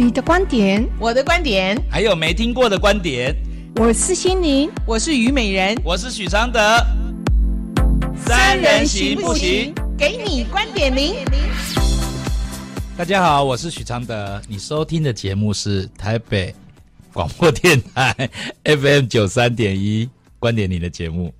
你的觀點，我的觀點，還有沒聽過的觀點。我是心靈，我是虞美人，我是許常德。三人行不行？給你觀點零。大家好，我是許常德。你收聽的節目是台北廣播電台 FM 九三點一《觀點》你的節目。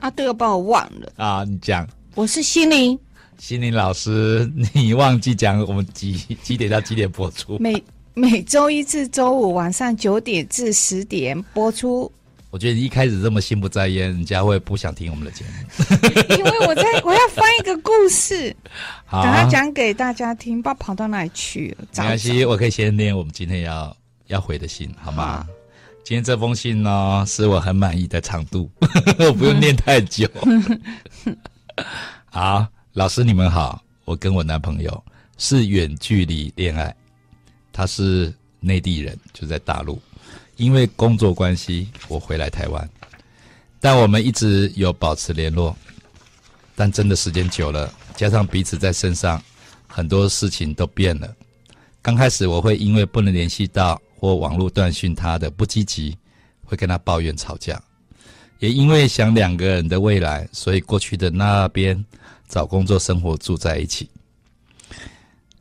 啊，都要把我忘了啊！你講，我是心靈。心靈老師，你忘記講我們幾幾點到幾點播出？ 每每週一至週五晚上九點至十點播出。我覺得你一開始這麼心不在焉，人家會不想聽我們的節目。 因為我在我要翻一個故事，好，等他講給大家聽，不知道跑到哪裡去了，找找。沒關係，我可以先念我們今天要要回的信好嗎？嗯。今天這封信呢、哦，是我很滿意的長度， 我不用念太久。 好，老師你們好，我跟我男朋友是遠距離戀愛。他是內地人，就在大陸，因為工作關係我回來台灣，但我們一直有保持聯絡，但真的時間久了，加上彼此在身上，很多事情都變了。剛開始我會因為不能聯繫到或網絡斷訊他的不積極，會跟他抱怨吵架，也因為想兩個人的未來，所以過去的那邊找工作、生活住在一起。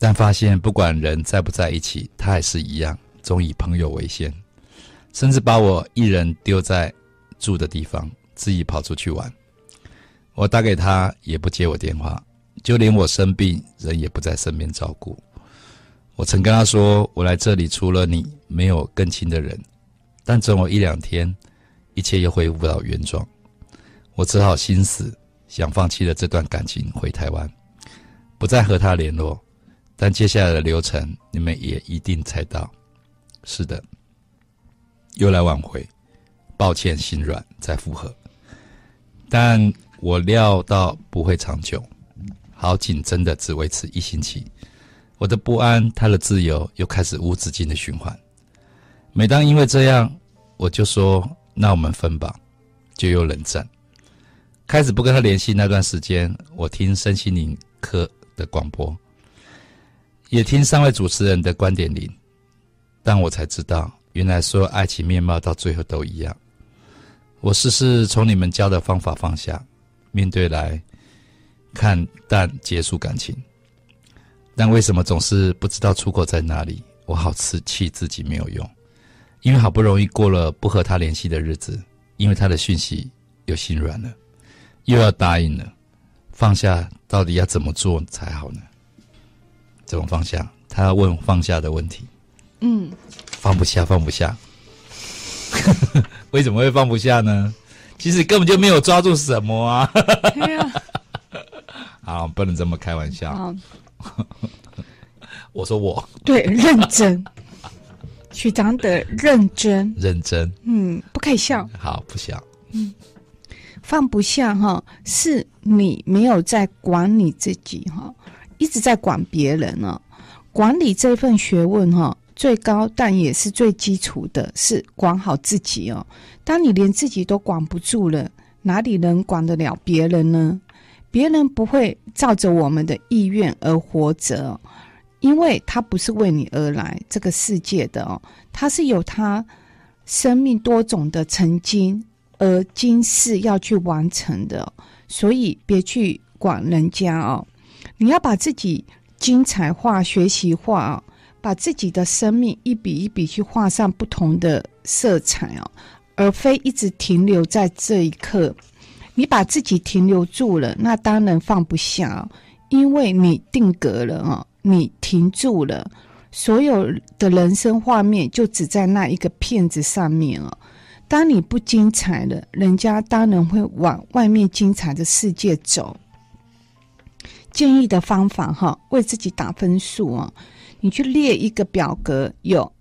但發現不管人在不在一起，他還是一樣，總以朋友為先，甚至把我一人丟在住的地方，自己跑出去玩。我打給他也不接我電話，就連我生病，人也不在身邊照顧。我曾跟他說，我來這裡除了你，沒有更親的人。但總有一兩天，一切又恢復到原狀。我只好心死，想放棄了這段感情，回台灣，不再和他聯絡。但接下來的流程，你們也一定猜到，是的，又來挽回，抱歉心軟再復合，但我料到不會長久，好景真的只維持一星期，我的不安，他的自由，又開始無止境的循環。每當因為這樣，我就說那我們分吧，就又冷戰。開始不跟他聯繫那段時間，我聽身心靈課的廣播。也聽三位主持人的觀點裡，但我才知道，原來所有愛情面貌到最後都一樣。我試試從你們教的方法放下，面對來看淡結束感情，但為什麼總是不知道出口在哪裡？我好氣，氣自己沒有用，因為好不容易過了不和他聯繫的日子，因為他的訊息又心軟了，又要答應了，放下到底要怎麼做才好呢？這種放下，他要問放下的問題，嗯，放不下，放不下， 為什麼會放不下呢？其實根本就沒有抓住什麼啊！哎、 好，不能這麼開玩笑。 我說我對認真，學 長得認真，認真，嗯，不可以笑，好，不笑。嗯，放不下哈，是你沒有在管你自己哈。一直在管別人呢、哦，管理這份學問哈、哦，最高但也是最基礎的是管好自己哦。當你連自己都管不住了，哪裡能管得了別人呢？別人不會照着我們的意願而活着、哦，因為他不是為你而來這個世界的哦，他是有他生命多種的曾經而今世要去完成的、哦，所以別去管人家哦。你要把自己精彩化、學習化啊，把自己的生命一筆一筆去畫上不同的色彩哦，而非一直停留在這一刻。你把自己停留住了，那當然放不下，因為你定格了哦，你停住了，所有的人生畫面就只在那一個片子上面哦。當你不精彩了，人家當然會往外面精彩的世界走。建議的方法哈，為自己打分數哦，你去列一個表格，有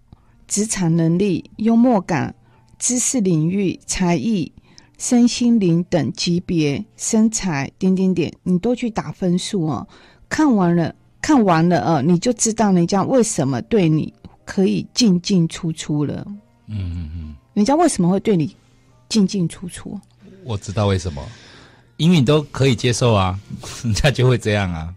職場能力、幽默感、知識領域、才藝、身心靈等級別、身材，點點點，你都去打分數哦。看完了，看完了啊，你就知道人家為什麼對你可以進進出出了。嗯嗯嗯，人家為什麼會對你進進出出？我知道為什麼。因為你都可以接受啊，人家就會這樣啊，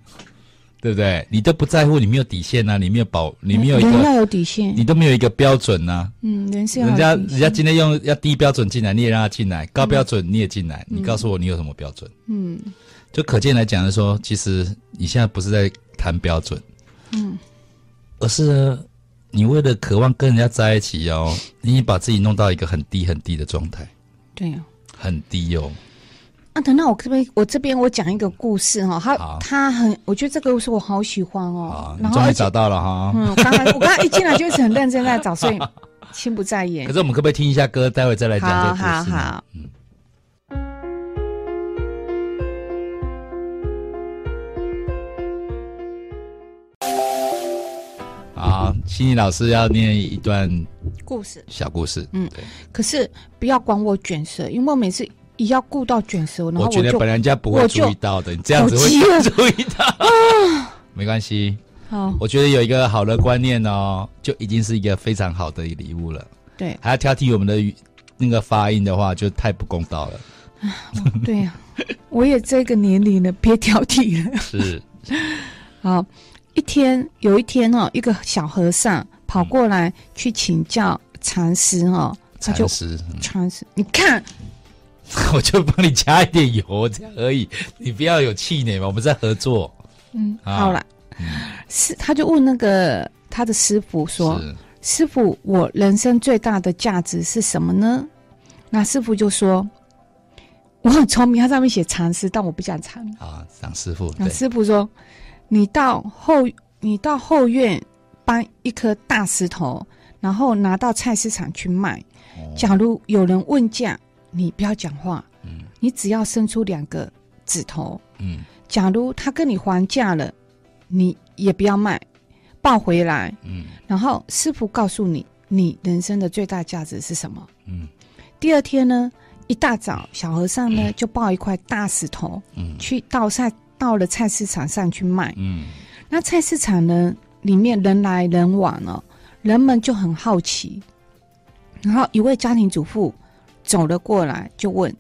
對不對？你都不在乎，你沒有底線吶、啊，你沒有保，你沒有一個，人要有底線，你都沒有一個標準吶、啊。嗯，人家人家今天用、嗯、要低標準進來，你也讓他進來；高標準你也進來。嗯、你告訴我，你有什麼標準？嗯，嗯就可見來講的說，其實你現在不是在談標準，嗯，而是你為了渴望跟人家在一起哦，你把自己弄到一個很低很低的狀態，對呀、哦，很低哦。啊，等等，我這邊我這邊我講一個故事哈，他他很，我覺得這個故事我好喜歡哦。然後我終於找到了哈、哦！嗯，剛才 我剛才一進來就是很認真在找，所以心不在焉。可是我們可不可以聽一下歌，待會再來講這個故事？好，好，好。嗯。好，心理老師要念一段故事，小故事。嗯，可是不要管我捲舌，因為我每次。要顧到捲舌我，我覺得本來人家不會注意到的，你這樣子會注意到。 沒關係，好，我覺得有一個好的觀念哦，就已經是一個非常好的禮物了。對，還要挑剔我們的那個發音的話，就太不公道了。 對呀、啊，我也這個年齡了，別 挑剔了。是， 好，一天有一天哦，一個小和尚跑過來去請教禪師哦、嗯，他就禪師、嗯，你看。我就幫你加一點油，這樣而已，你不要有氣餒嘛，我們在合作。嗯，好了、啊嗯。是，他就問那個他的師傅說：“師傅，我人生最大的價值是什麼呢？”那師傅就說：“我很聰明，他上面寫禪師，但我不講禪。”啊，張師傅。那師傅說：“你到後，你到後院搬一顆大石頭，然後拿到菜市場去賣、哦。假如有人問價。”你不要講話、嗯，你只要伸出兩個指頭、嗯，假如他跟你還價了，你也不要賣，抱回來，嗯、然後師父告訴你，你人生的最大價值是什麼，嗯、第二天呢，一大早，小和尚呢、嗯、就抱一塊大石頭，嗯、去到菜到了菜市場上去賣，嗯、那菜市場呢裡面人來人往了、哦、人們就很好奇，然後一位家庭主婦。走了過來就問：“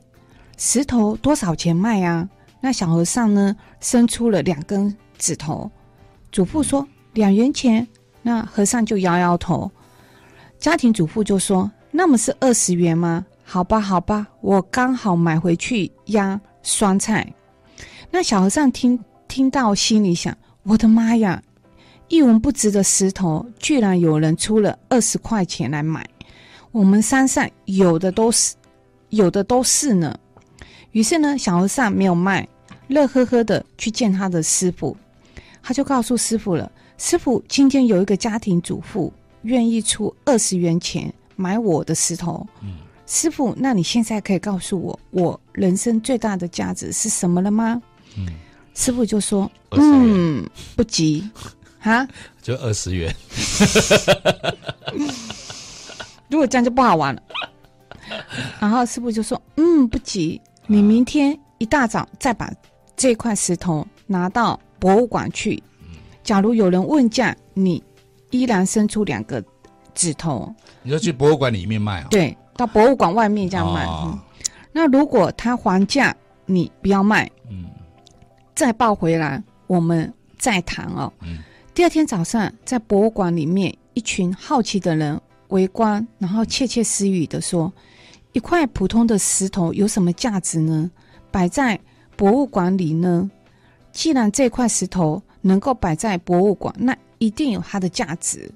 石頭多少錢賣啊？”那小和尚呢，伸出了兩根指頭，主婦說：“兩元錢。”那和尚就搖搖頭。家庭主婦就說：“那麼是二十元嗎？”“好吧，好吧，我剛好買回去壓酸菜。”那小和尚聽聽到心裡想：“我的媽呀，一文不值的石頭，居然有人出了二十塊錢來買！我們山上有的都是。”有的都是呢，於是呢，小和尚沒有賣，樂呵呵的去見他的師傅，他就告訴師傅了：“師傅，今天有一個家庭主婦願意出二十元錢買我的石頭，嗯、師傅，那你現在可以告訴我，我人生最大的價值是什麼了嗎？”嗯、師傅就說：“嗯，不急，哈，就二十元， 如果這樣就不好玩了。”然後師傅就說：“嗯，不急，你明天一大早再把這塊石頭拿到博物館去。假如有人問價，你依然伸出兩個指頭。你要去博物館裡面賣啊、哦？對，到博物館外面這樣賣。哦嗯、那如果他還價，你不要賣，嗯、再抱回來，我們再談哦、嗯。第二天早上，在博物館裡面，一群好奇的人圍觀，然後竊竊私語的說。”一塊普通的石頭有什麼價值呢？擺在博物館裡呢？既然這塊石頭能夠擺在博物館，那一定有它的價值，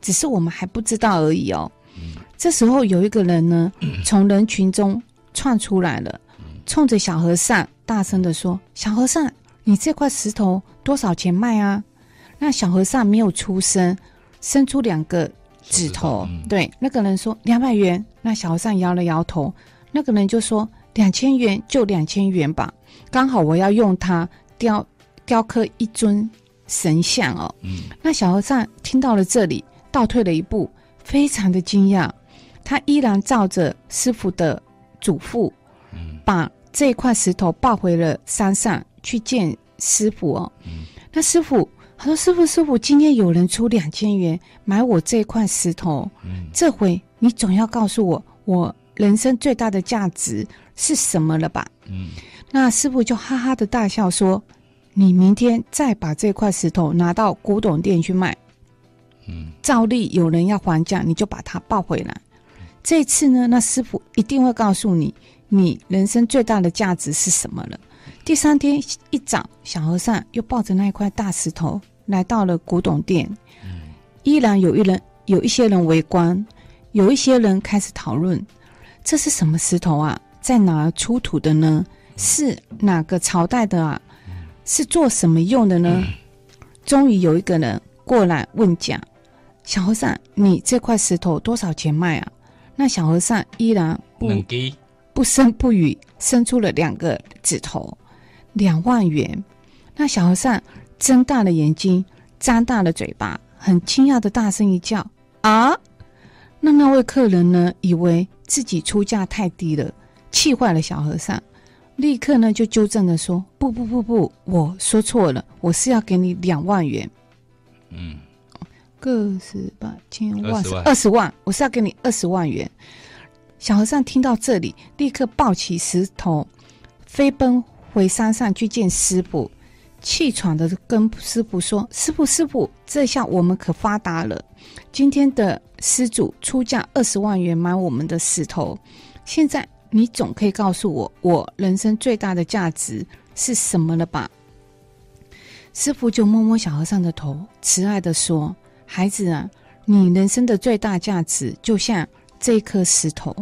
只是我們還不知道而已哦。這時候有一個人呢，從人群中竄出來了，衝着小和尚大聲地說：“小和尚，你這塊石頭多少錢賣啊？”那小和尚沒有出聲，伸出兩個。嗯、指頭對那個人說兩百元，那小和尚搖了搖頭，那個人就說兩千元，就兩千元吧，剛好我要用它雕雕刻一尊神像哦。嗯、那小和尚聽到了這裡，倒退了一步，非常的驚訝，他依然照着師父的囑咐、嗯，把這塊石頭抱回了山上去見師父哦、嗯。那師父。他說：“師傅，師傅，今天有人出兩千元買我這塊石頭，嗯，這回你總要告訴我，我人生最大的價值是什麼了吧？”嗯，那師傅就哈哈的大笑說：“你明天再把這塊石頭拿到古董店去賣，嗯，照例有人要還價，你就把它抱回來。這次呢，那師傅一定會告訴你，你人生最大的價值是什麼了。”第三天一早，小和尚又抱着那一塊大石頭來到了古董店，嗯、依然有一人有一些人圍觀，有一些人開始討論：“這是什麼石頭啊？在哪兒出土的呢？嗯、是哪個朝代的啊？嗯、是做什麼用的呢、嗯？”終於有一個人過來問價：“小和尚，你這塊石頭多少錢賣啊？”那小和尚依然不不聲不語，伸出了兩個指頭。兩萬元，那小和尚睜大了眼睛，張大了嘴巴，很驚訝的大聲一叫：“啊！”那那位客人呢，以為自己出價太低了，氣壞了小和尚，立刻呢就糾正了說：“不不不不，我說錯了，我是要給你兩萬元。”嗯，個十百千萬二十萬，二十萬，我是要給你二十萬元。小和尚聽到這裡，立刻抱起石頭，飛奔。回山上去見師傅，氣喘的跟師傅說：“師傅，師傅，這下我們可發達了。今天的施主出價二十萬元買我們的石頭，現在你總可以告訴我，我人生最大的價值是什麼了吧？”師傅就摸摸小和尚的頭，慈愛的說：“孩子啊，你人生的最大價值就像這顆石頭，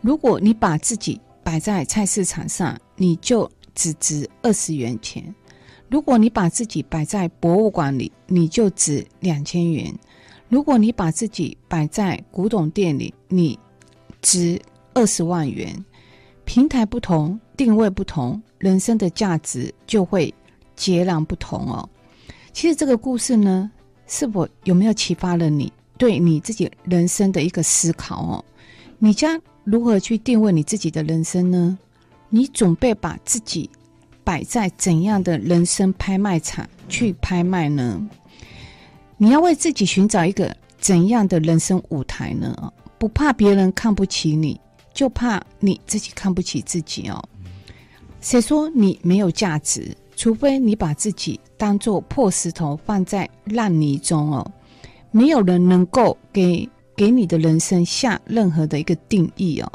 如果你把自己擺在菜市場上，你就。”只值二十元錢。如果你把自己擺在博物館裡，你就值兩千元；如果你把自己擺在古董店裡，你值二十萬元。平台不同，定位不同，人生的價值就會截然不同哦。其實這個故事呢，是否有沒有啟發了你對你自己人生的一個思考哦？你將如何去定位你自己的人生呢？你準備把自己擺在怎樣的人生拍賣場去拍賣呢？你要為自己尋找一個怎樣的人生舞台呢？不怕別人看不起你，就怕你自己看不起自己哦。誰說你沒有價值？除非你把自己當作破石頭放在爛泥中哦。沒有人能夠給給你的人生下任何的一個定義哦。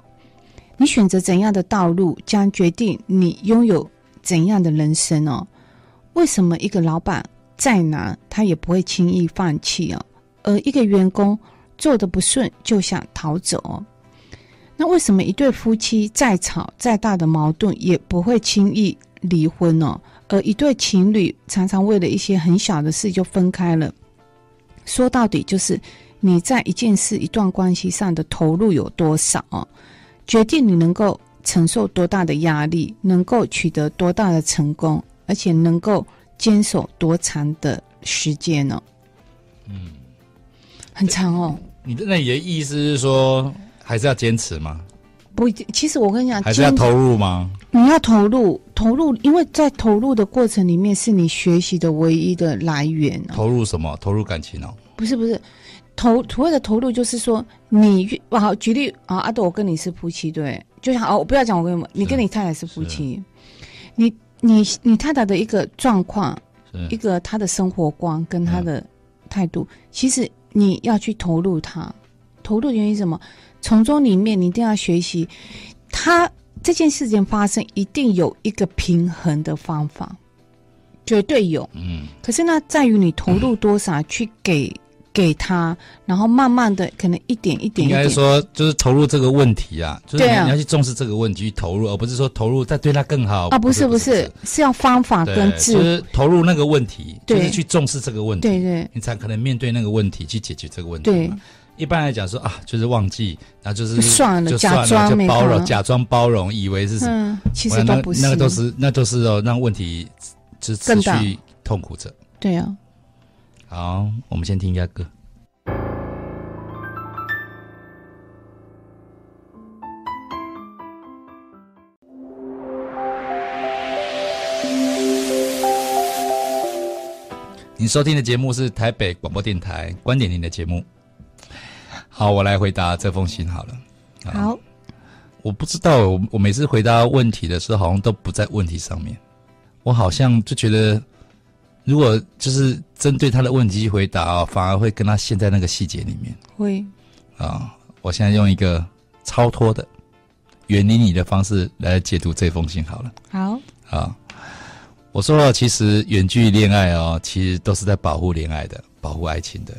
你選擇怎樣的道路，將決定你擁有怎樣的人生哦。為什麼一個老闆再難，他也不會輕易放棄哦？而一個員工做得不順，就想逃走哦？那為什麼一對夫妻再吵，再大的矛盾，也不會輕易離婚哦？而一對情侶常常為了一些很小的事就分開了？說到底，就是你在一件事、一段關係上的投入有多少哦？決定你能夠承受多大的壓力，能夠取得多大的成功，而且能夠堅守多長的時間呢、哦？嗯，很長哦、欸。你的那你的意思是說，還是要堅持嗎？不，其實我跟你講，還是要投入嗎？你要投入，投入，因為在投入的過程裡面，是你學習的唯一的來源、啊。投入什麼？投入感情呢、哦？不是，不是。投所謂的投入，就是說，你，哇好，舉例啊，阿朵，我跟你是夫妻，對，就像好、哦，我不要講我跟你，你跟你太太是夫妻，你你你太太的一個狀況，一個他的生活觀跟他的態度，其實你要去投入他，投入的原因是什麼？從中裡面你一定要學習，他這件事情發生一定有一個平衡的方法，絕對有，嗯，可是那在於你投入多少、嗯、去給。給他，然後慢慢的，可能一點一點,一點。應該說，就是投入這個問題啊，啊，就是你要去重視這個問題，去投入，而不是說投入再對他更好啊。不是不是，不是，是要方法根治。就是投入那個問題，就是去重視這個問題，對對，你才可能面對那個問題去解決這個問題。對，一般來講說啊，就是忘記，那、啊、就是算了，就算了，假裝就包容，假裝包容，以為是什麼？嗯、其實都不是，那、那個都是那都是哦，讓、那個、問題就持續更痛苦着。對呀、啊。好，我們先聽一下歌。你收聽的節目是台北廣播電台《觀點》您的節目。好，我來回答這封信好了。好，啊，我不知道，我我每次回答問題的時候，好像都不在問題上面，我好像就覺得。如果就是針對他的問題去回答哦，反而會跟他陷在那個細節裡面。會啊，我現在用一個超脫的、遠離你的方式來解讀這封信好了。好啊，我說了，其實遠距離戀愛哦，其實都是在保護戀愛的、保護愛情的，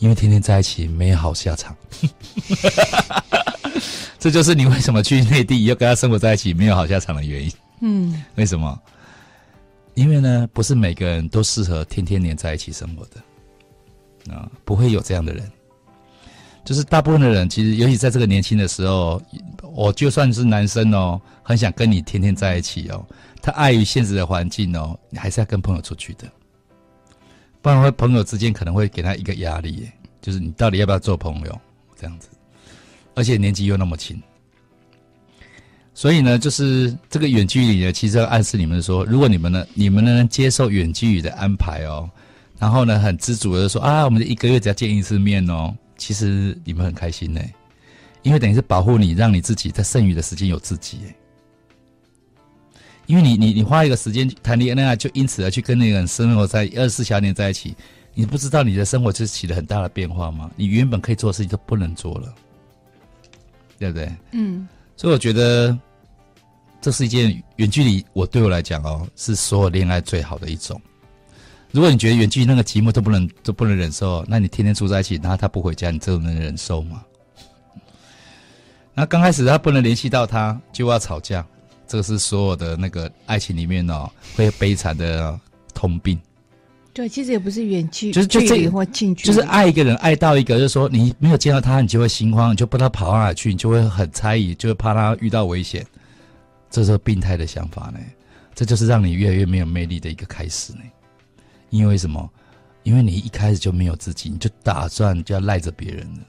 因為天天在一起沒有好下場。 這就是你為什麼去內地要跟他生活在一起沒有好下場的原因。嗯，為什麼？因為呢，不是每個人都適合天天黏在一起生活的，啊，不會有這樣的人。就是大部分的人，其實尤其在這個年輕的時候，我就算是男生哦，很想跟你天天在一起哦，他礙於現實的環境哦，你還是要跟朋友出去的，不然會朋友之間可能會給他一個壓力耶，就是你到底要不要做朋友，這樣子，而且年紀又那麼輕。所以呢，就是這個遠距離呢，其實要暗示你們說，如果你們呢，你們呢能接受遠距離的安排哦、喔，然後呢，很知足的說啊，我們一個月只要見一次面哦、喔，其實你們很開心呢，因為等於是保護你，讓你自己在剩餘的時間有自己。因為你，你，你花一個時間去談戀愛，就因此而去跟那個人生活在二十四小時在一起，你不知道你的生活就是起了很大的變化嗎？你原本可以做的事情都不能做了，對不對？嗯，所以我覺得。這是一件遠距離，我對我來講哦，是所有戀愛最好的一種。如果你覺得遠距離那個寂寞都不能都不能忍受，那你天天住在一起，然後他不回家，你就能忍受嗎？那剛開始他不能聯繫到他，就要吵架，這個是所有的那個愛情裡面哦，會悲慘的通病。對，其實也不是遠距，就是就距離或近距離，就是愛一個人愛到一個，就是說你沒有見到他，你就會心慌，你就不知道跑到哪去，你就會很猜疑，就會怕他遇到危險。這是個病態的想法呢，這就是讓你越來越沒有魅力的一個開始呢。因為，為什麼？因為你一開始就沒有自己，你就打算就要賴着別人了。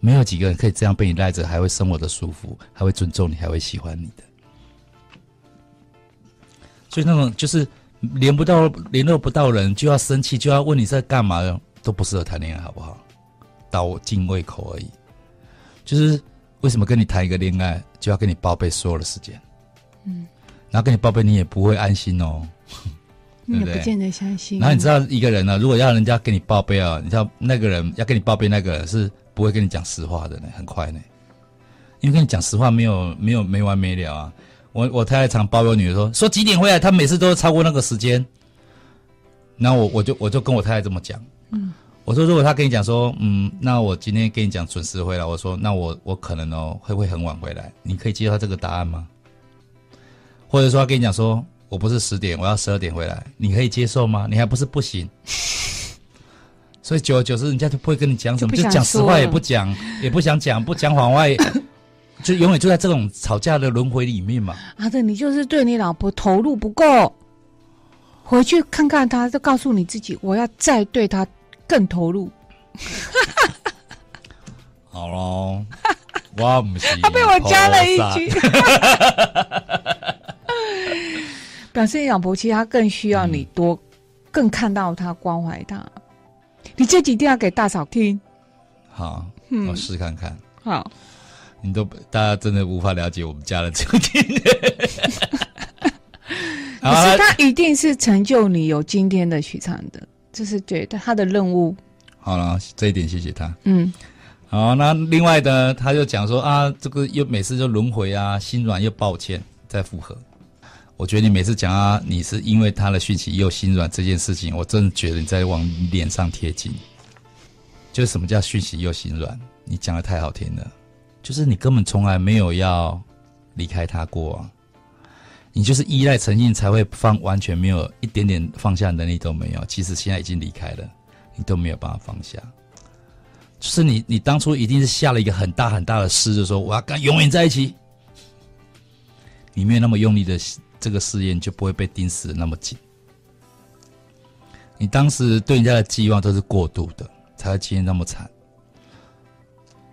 沒有幾個人可以這樣被你賴着，還會生活的舒服，還會尊重你，還會喜歡你的。所以那種就是聯不到、聯絡不到人，就要生氣，就要問你在幹嘛，都不適合談戀愛，好不好？倒盡胃口而已。就是為什麼跟你談一個戀愛，就要跟你報備所有的時間？嗯，然後跟你報備，你也不會安心哦對對。你也不見得相信。然後你知道一個人呢、啊，如果要人家跟你報備啊，你知道那個人要跟你報備，那個人是不會跟你講實話的呢，很快呢。因為跟你講實話沒有沒有沒完沒了啊。我我太太常抱怨女的說說幾點回來，她每次都是超過那個時間。那我我就我就跟我太太這麼講，嗯，我說如果他跟你講說，嗯，那我今天跟你講準時回來，我說那我我可能哦，會不會很晚回來？你可以接受這個答案嗎？或者說他跟你講說，我不是十點，我要十二點回來，你可以接受嗎？你還不是不行？ 所以久而久之，人家就不會跟你講什麼，就講實話也不講， 也不想講，不講謊話，就永遠就在這種吵架的輪回裡面嘛。啊，對，你就是對你老婆投入不夠，回去看看他，就告訴你自己，我要再對他更投入。 好咯，我唔係。他被我加了一句。 表示老婆，其實她更需要你多，更看到她，嗯、關懷她。你這幾天要給大嫂聽。好，嗯、我試看看。好，你都大家真的無法了解我們家的這一 可是他一定是成就你有今天的許昌的，這、就是覺得他的任務。好了，這一點謝謝他。嗯。好，那另外呢，他就講說啊，這個又每次就輪迴啊，心軟又抱歉，再復合。我覺得你每次講啊，你是因為他的訊息又心軟這件事情，我真的覺得你在往臉上貼金。就是什麼叫訊息又心軟？你講得太好聽了，就是你根本從來沒有要離開他過，啊，你就是依賴成性才會放，完全沒有一點點放下能力都沒有。其實現在已經離開了，你都沒有辦法放下。就是你，你當初一定是下了一個很大很大的誓，就說我要跟他永遠在一起。你沒有那麼用力的。這個試驗就不會被盯死的那麼緊。你當時對人家的期望都是過度的，才會今天那麼慘。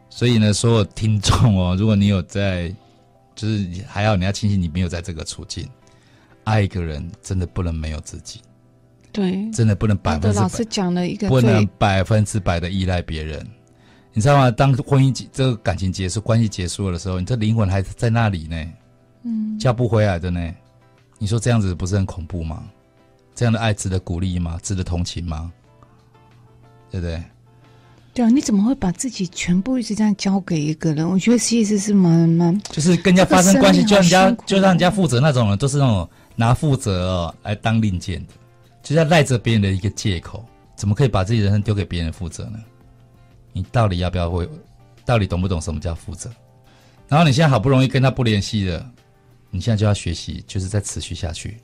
所以呢，所有聽眾哦，如果你有在，就是還好你要慶幸你沒有在這個處境。愛一個人真的不能沒有自己，對，真的不能百分之百。老師講了一個，不能百分之百的依賴別人，你知道嗎？當婚姻這個感情結束，關係結束的時候，你這靈魂還在那裡呢，嗯，叫不回來的呢。你說這樣子不是很恐怖嗎？這樣的愛值得鼓勵嗎？值得同情嗎？對不對？對啊，你怎麼會把自己全部一直這樣交給一個人？我覺得其實是蠻蠻就是跟人家發生關係，就讓人家、哦、就讓人家負責那種人，都是那種拿負責哦，來當令箭的，就在賴着別人的一個借口。怎麼可以把自己人生丟給別人負責呢？你到底要不要會？到底懂不懂什麼叫負責？然後你現在好不容易跟他不聯繫了。你現在就要學習，就是再持續下去，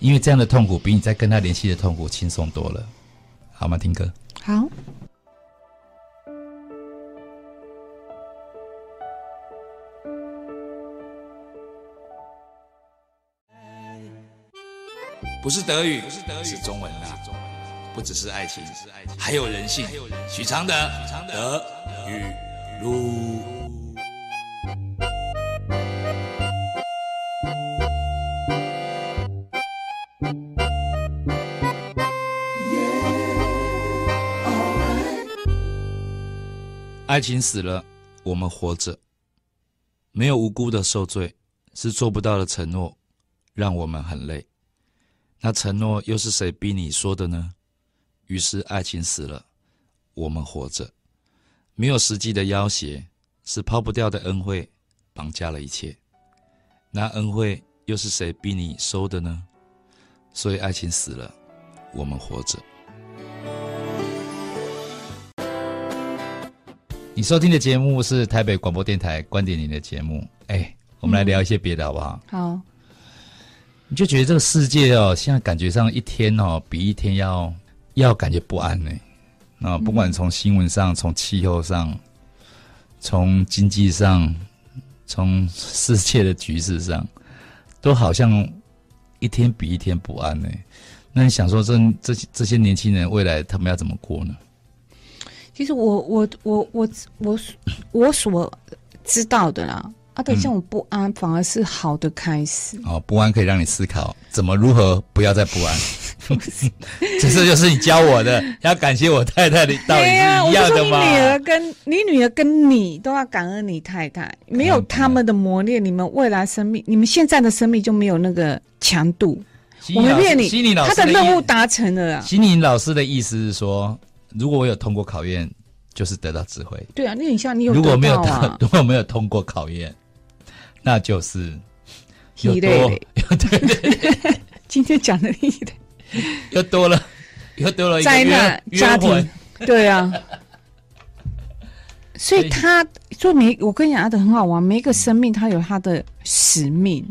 因為這樣的痛苦比你在跟他聯繫的痛苦輕鬆多了，好嗎？聽歌，好。不是德語，不是，德語是中文啦，啊啊，不只是愛情，還有人性。許常德，德，德語路。如愛情死了，我們活着。沒有無辜的受罪，是做不到的承諾，讓我們很累。那承諾又是誰逼你說的呢？於是愛情死了，我們活着。沒有實際的要挾，是拋不掉的恩惠，綁架了一切。那恩惠又是誰逼你收的呢？所以愛情死了，我們活着。你收聽的節目是台北廣播電台《觀點》您的節目。哎，我們來聊一些別的好不好？嗯，好。你就覺得這個世界哦，現在感覺上一天哦比一天要要感覺不安呢。啊，不管從新聞上、從氣候上、從經濟上、從世界的局勢上，都好像一天比一天不安呢。那你想說這，這這這些年輕人未來他們要怎麼過呢？其實我我我我我我所知道的啦，啊，等一下，不安，嗯、反而是好的開始。哦，不安可以讓你思考怎麼如何不要再不安。 不是 這就是你教我的，要感謝我太太的道理是一樣的嘛？我說你女兒跟你女兒跟你都要感恩你太太，沒有他們的磨練，你們未來生命，你們現在的生命就沒有那個強度。我沒騙你。他的任務達成了。心理老師的意思是說。如果我有通過考驗，就是得到智慧。對啊，那像你有、啊。如果沒有，如果沒有通過考驗，那就是又多又多 。今天講的又多又多了，又多了災難、在那家庭。對啊， 所以他所以每我跟你講的很好玩，每一個生命他有他的使命。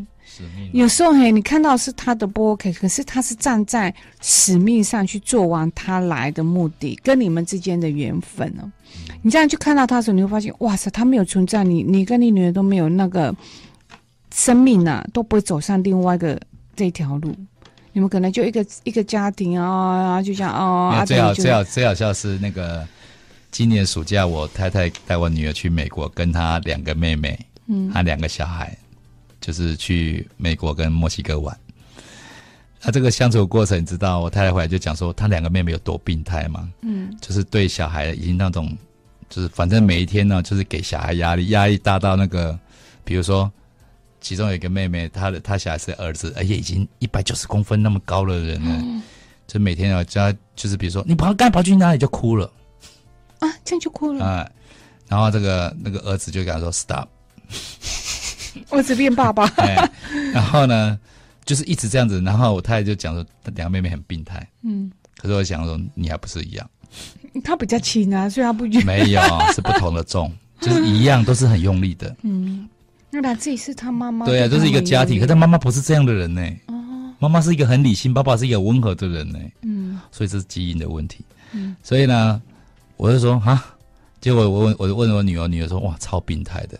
啊、有時候嘿，你看到是他的 book 可是他是站在使命上去做完他來的目的，跟你們之間的緣分哦、啊嗯。你這樣去看到他的時候，你會發現，哇塞，他沒有存在你，你跟你女兒都沒有那個生命吶、啊，都不會走上另外一個這條路。你們可能就一個一個家庭啊、哦，就這樣，哦，最好、啊、最好最好笑是那個今年暑假，我太太帶我女兒去美國，跟她兩個妹妹，嗯，她兩個小孩。就是去美國跟墨西哥玩，那、啊、這個相處過程，你知道我太太回來就講說，她兩個妹妹有多病態嗎？嗯，就是對小孩已經那種，就是反正每一天呢，就是給小孩壓力，壓力大到那個，比如說，其中有一個妹妹，她的她小孩是兒子，而且已經一百九十公分那麼高的人呢、嗯，就每天要叫，就是比如說你跑，剛跑去哪裡就哭了啊，這樣就哭了啊，然後這個那個兒子就跟他說 stop。 我只變爸爸、 哎，然後呢，就是一直這樣子。然後我太太就講說，她兩個妹妹很病態。嗯，可是我想說，你還不是一樣？他比較輕啊，所以他不重。沒有，是不同的重， 就是一樣，都是很用力的。嗯，那他自己是他媽媽。對啊，就是一個家庭。他可是他媽媽不是這樣的人呢。哦，媽媽是一個很理性，爸爸是一個溫和的人呢。嗯，所以這是基因的問題。嗯，所以呢，我就說蛤，結果我我我就問我女兒，女兒說哇，超病態的。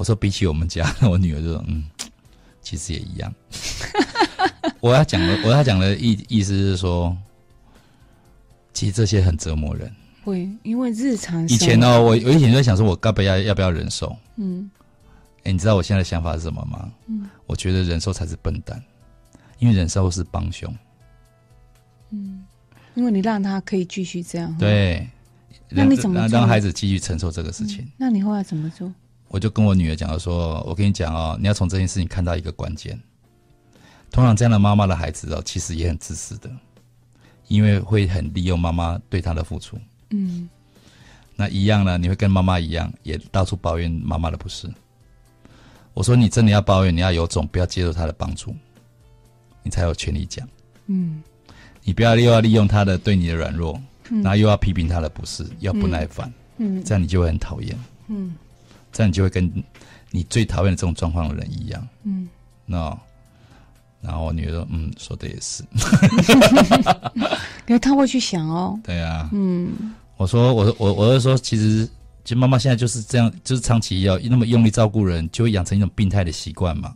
我說比起我們家，我女兒就說：“嗯，其實也一樣。 ”我要講的，我要講的意意思是說，其實這些很折磨人。會因為日常以前呢、哦，我我以前就在想說，我該不要要不要忍受？嗯，哎，你知道我現在的想法是什麼嗎？嗯，我覺得忍受才是笨蛋，因為忍受是幫凶。嗯，因為你讓他可以繼續這樣。對，那你怎麼做讓，讓孩子繼續承受這個事情？嗯、那你後來怎麼做？我就跟我女兒講，我說：“我跟你講哦，你要從這件事情看到一個關鍵。通常這樣的媽媽的孩子哦，其實也很自私的，因為會很利用媽媽對她的付出。嗯，那一樣呢，你會跟媽媽一樣，也到處抱怨媽媽的不是。我說你真的要抱怨，你要有種，不要接受她的幫助，你才有權利講。嗯，你不要又要利用她的對你的軟弱、嗯，然後又要批評她的不是，又要不耐煩、嗯。嗯，這樣你就會很討厭。嗯。”這樣你就會跟你最討厭的這種狀況的人一樣。嗯，那、no? 然後我女兒說：“嗯，說的也是。”哈哈哈哈哈！因為他會去想哦。對啊。嗯，我說，我我我是說，其實就媽媽現在就是這樣，就是長期要那麼用力照顧人，就會養成一種病態的習慣嘛。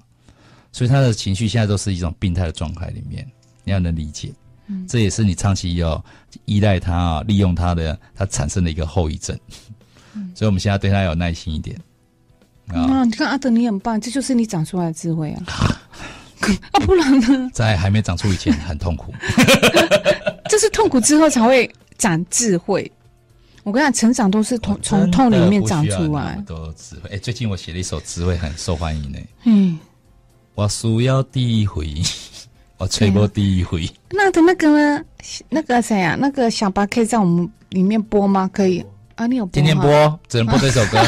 所以他的情緒現在都是一種病態的狀態裡面，你要能理解。嗯，這也是你長期要依賴他、利用他的，他產生的一個後遺症。所以我們現在對他有耐心一點啊、嗯嗯！你看阿德，你很棒，這就是你長出來的智慧啊！ 啊，不然呢？在還沒長出以前很痛苦，這 是痛苦之後才會長智慧。我跟你講，成長都是從從痛裡面長出來，很多智慧。誒、欸，最近我寫了一首智慧，很受歡迎的、欸。嗯，我輸要第一回， 我吹過第一回。那的那個呢？那個誰呀、啊？那個小八可以在我們裡面播嗎？可以。嗯啊，你有天、啊、今天播，只能播這首歌，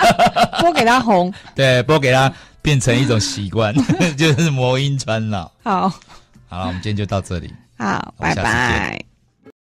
播給他紅， 對，播給他變成一種習慣， 就是魔音穿腦。好，好了，我們今天就到這裡。好，好拜拜。